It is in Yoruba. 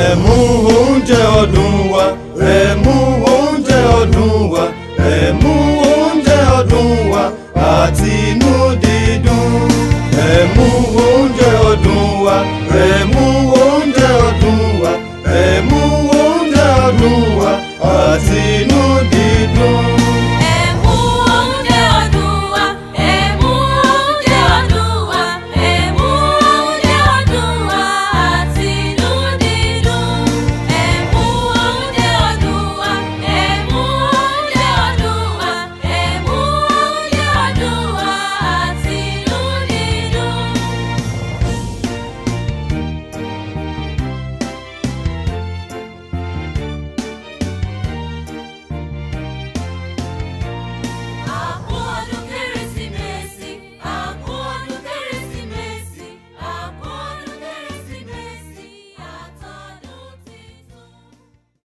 ẹ mú oúnjẹ ọdún wa ẹ mú oúnjẹ ọdún wa ẹ mú oúnjẹ ọdún wa àti inú.